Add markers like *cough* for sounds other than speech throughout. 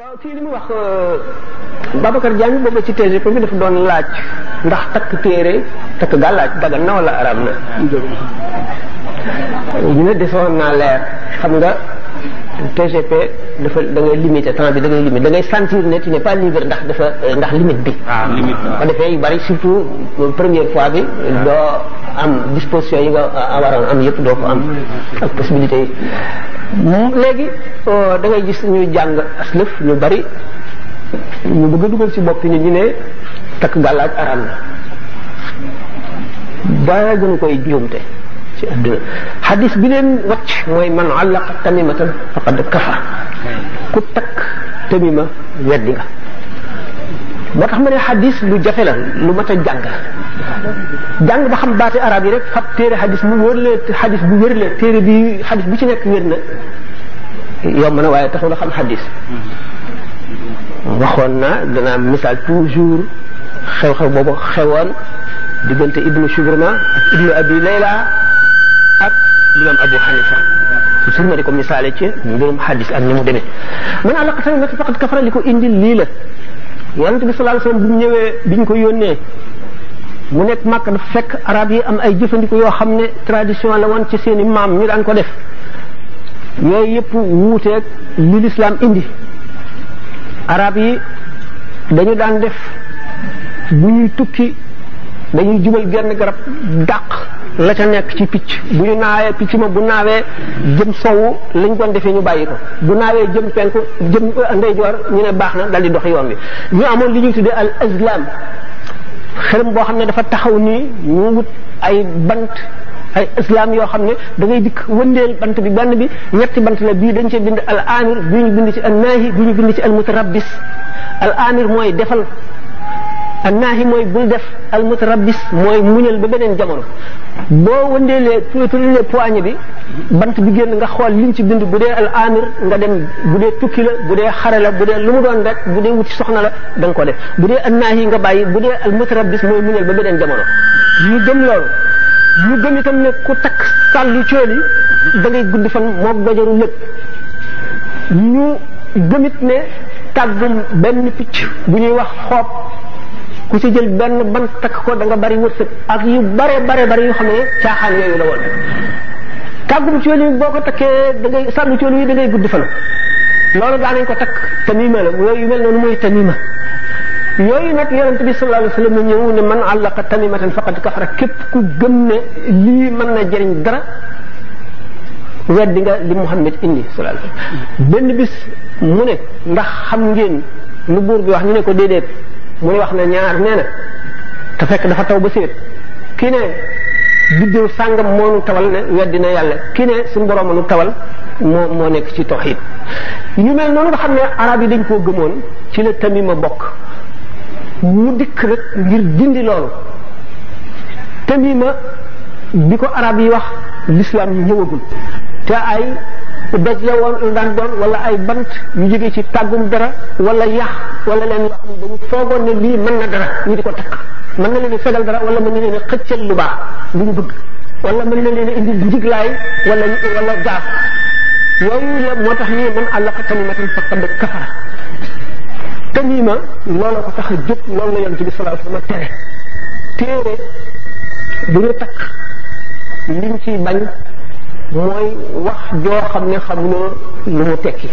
waaw fii li mu wax euh, Babacar Diagne boobu ci TGP bi dafa doon laaj ndax takk téere takk gàllaaj dagan na wala arab na. ñu ne defoon naa leer xam nga TGP dafa da ngay limité temps bi da ngay limité da ngay sentir ne tu n'es pas libre ndax dafa euh, ndax limite bi. Ah, waaw limite bi defee yu bari surtout euh, première fois bi. doo am disposition yi nga waroon am yëpp doo ko am ah. ak possibilité yi. léegi euh, dangay ngay gis ñu jàng aslëf ñu bari ñu bëgg a dugal ci bopp nit ñu ne takk gàllaaj araam na dara gënu koy juumte ci àdduna xadis bi leen wàcc mooy man àllaqa tamimatan faqad kafa ku takk tamima weddi nga moo tax ma ne xadis lu jafe la lu mat a jàng jàng ba xam baati arab yi rek fab téere xadis mu wóor la xadis bu wér la téere bi xadis bu ci nekk wér na yomb na waaye taxul a xam xadis waxoon na danaa misaal toujours xew-xew boobu xewoon diggante ibnu Shubruma ak ibnu abi Layla ak imam Abu Hanifa toujours ma di ko misaale ci mbirum xadis ak mu demee man àlaqatan nag faqat kafara li ko indil lii la yonente bi sallallahu alayhi wasallam bu ñëwee biñ ko yónnee mu nekk màkk dafa fekk araab yi am ay jëfandiku yoo xam ne tradition la woon ci seeni maam ñu daan ko def yooyu yëpp wuuteeg li lislaam indi arab yi dañu daan def bu ñuy tukki dañuy jubal genn garab dàq la ca nekk ci picc bu ñu naawee picc ma bu naawee jëm sowwu lañ doon defee ñu bàyyi ko bu naawee jëm penku jëm ndeyjoor ñu ne baax na dal di dox yoon bi ñu amoon li ñuy al islam xërëm boo xam ne dafa taxaw nii ñu ay bant ay islam yoo xam ne da ngay dikk wëndeel bant bi benn bi ñetti bant la bii dañ cee bind al amir bii ñu bind ci an naahi bii ñu bind ci al mutarabbis al amir mooy defal annaahi mooy bul def almutarabbis mooy muñal ba beneen jamono boo wëndee wëndeelee tëralee poignée bi bant bi génn nga xool liñ ci bind bu dee al amir nga dem bu dee tukki la bu dee xare la bu dee lu mu doon rek bu dee wuti soxna la da nga ko def bu dee annaahi nga bàyyi bu dee almutarabbis mooy muñal ba beneen jamono ñu gëm loolu ñu gëm itam ne ku takk sàllu cool yi da ngay gudd fan moog dojaru lépp ñu gëmit ne tàggum benn picc bu ñuy wax xoob ku ci jël benn ban takk ko danga nga bari wërsëg ak yu bare bare bari yoo xam ne caaxaan yooyu la woon kàggum cool yi boo ko takkee da ngay sàmm cool yi da ngay gudd fan loolu daa nañ ko takk tamima yooyu mel noonu mooy tamima yooyu nag yonente bi sallallahu alayhi wasallam ñëw ne man àllaqa tamimatan faqad kafara képp ku gëm ne lii mën na jëriñ dara weddi nga li Muhammad indi sallallahu bis mu ne ndax xam ngeen lu buur bi wax ñu ne ko déedéet muy wax ne ñaar nee na te fekk dafa taw ba séet kii ne biddiw sàngam moo nu tawal ne weddi na yàlla kii ne suñu borom nu tawal moo moo nekk ci tawxiid yu mel noonu nga xam ne arab yi dañ koo gëmoon ci la tamima bokk mu dikk nag ngir dindi loolu tamima bi ko arab yi wax l'islam ñëwagul te ay doj la woon daan doon wala ay bant yu jóge ci tàggum dara wala yax wala leen yoo xam ne dañu foogoon ne lii mën dara ñu di ko takk mën na leen fegal dara wala mën na leen xëccal lu baax lu ñu bëgg wala mën na leen indil njiglaay wala wala gaaf yooyu la moo tax ñu man àllaqa tamimatin faqad kafara tamima loolu ko tax a jóg loolu la yonent bi sallallahu alayhi wa sallam tere ñu takk liñ ciy bañ mooy wax joo xam ne xamuloo lu mu tekki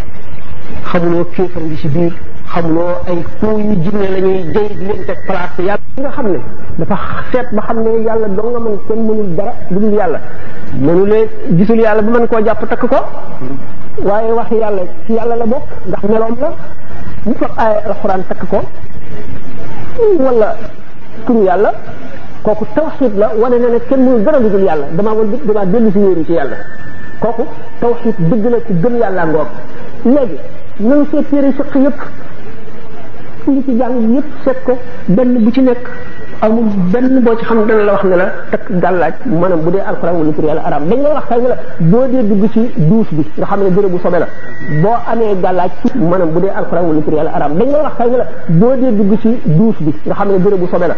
xamuloo kéefar ngi ci biir xamuloo ay foo yu jinne la ñuy jëy leen teg place yàlla nga xam ne dafa seet ba xam ne yàlla doo nga mën kenn mënul dara lu dul yàlla mënulee gisul yàlla ba mën koo jàpp takk ko waaye wax yàlla ci yàlla la bokk ndax meloom la bu fab aaya alxuraan takk ko wala turu yàlla kooku tawxid la wane na ne kenn mënul dara lu dul yàlla damaa wal bi damaa dellu si wéeru yàlla kooku tawxid dëgg la ci gëm yàlla ngoog léegi nañ seet téere fiq yëpp yëpp ngi ci jàng yëpp seet ko benn bu ci nekk amul benn boo ci xam dana la wax ne la takk gàllaaj maanaam bu dee alxuraan wala tur yàlla araam dañ la wax sax ne la boo dee dugg ci duus bi nga xam ne bërëb bu sobe la boo amee gàllaaj maanaam bu dee alxuraan wala tur yàlla araam dañ la wax sax ne la boo dee dugg ci duus bi nga xam ne bërëb bu sobe la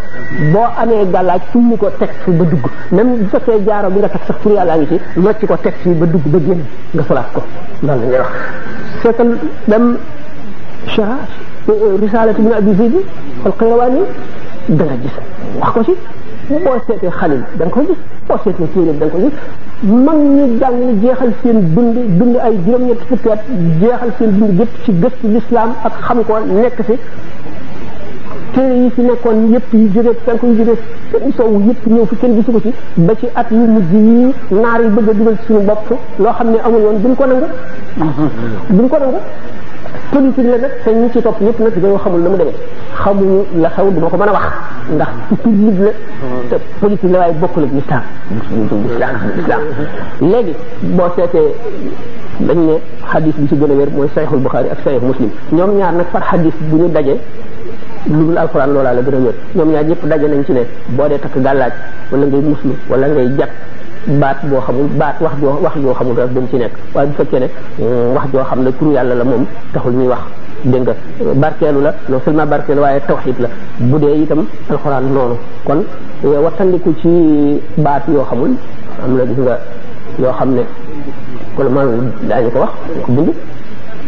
boo amee gàllaaj fu ñu ko teg ba dugg même bu jaaro bi nga teg sax tur yàlla ngi ci locc ko teg fi ba dugg ba génn nga solaat ko loolu la ñuy wax seetal dem charage risalati ibn abi zayd al-qayrawani da nga gis wax ko ci boo seetee xalil da nga ko gis boo seetee téere da nga ko gis mag ñi jàng jeexal seen dund dund ay juróom-ñetti fukki jeexal seen dund yëpp ci gëstu lislaam ak xam ko nekk si téere yi fi nekkoon yëpp yu jógee fenk yu jógee seen soow yëpp ñëw fi kenn gisu ko ci ba ci at yu mujj yi naar yi bëgg a dugal ci suñu bopp loo xam ne amul woon duñ ko nangu *laughs* duñ ko nangu politique la nag te ñi ci topp ñëpp nag dañoo xamul na mu demee xamuñu la xew du ma ko mën a wax ndax publique la te politique la waaye bokkul ak lislaam lislaam lislaam léegi boo seetee dañ ne xadis bi ci gën a wér mooy sayxul buxaari ak sayx muslim ñoom ñaar nag far xadis bu ñu daje lu dul alxuraan loolaa la gën a wér ñoom ñaar ñëpp daje nañ ci ne boo dee takk gàllaaj walla ngay muslu wala ngay jat baat boo xamul baat wax joo wax joo xamul rek bu ci nekk waaye bu fekkee ne mm, wax joo xam ne turu yàlla la moom taxul ñuy wax dégg nga barkeelu la non seulement barkeelu waaye tawxid la bu dee itam alxuraan noonu kon eh, wattandiku ci baat yoo xamul am na gis nga yoo xam ne kon man daañu ko wax ko bind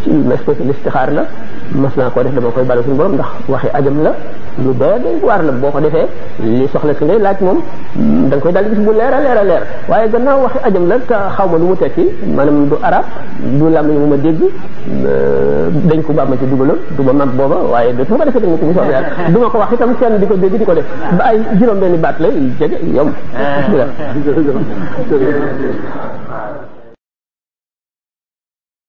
ci espèce d'istixaar la mas naa koo def dama koy balu suñu borom ndax waxi ajam la lu doy doy waar la boo ko defee li soxla si ngay laaj moom mm, da koy daal di gis bu leer a leer a leer waaye gannaaw waxi ajam la te xaw ma lu mu tekki maanaam du arab du làmmiñ mu ma dégg euh, dañ ko baab ma ci dugaloon du ma mag booba waaye dootuma ko defee dañ ko bu soobee du ma ko wax itam kenn di ko dégg di ko def ba ay juróom benni baat lay jege yomb *laughs*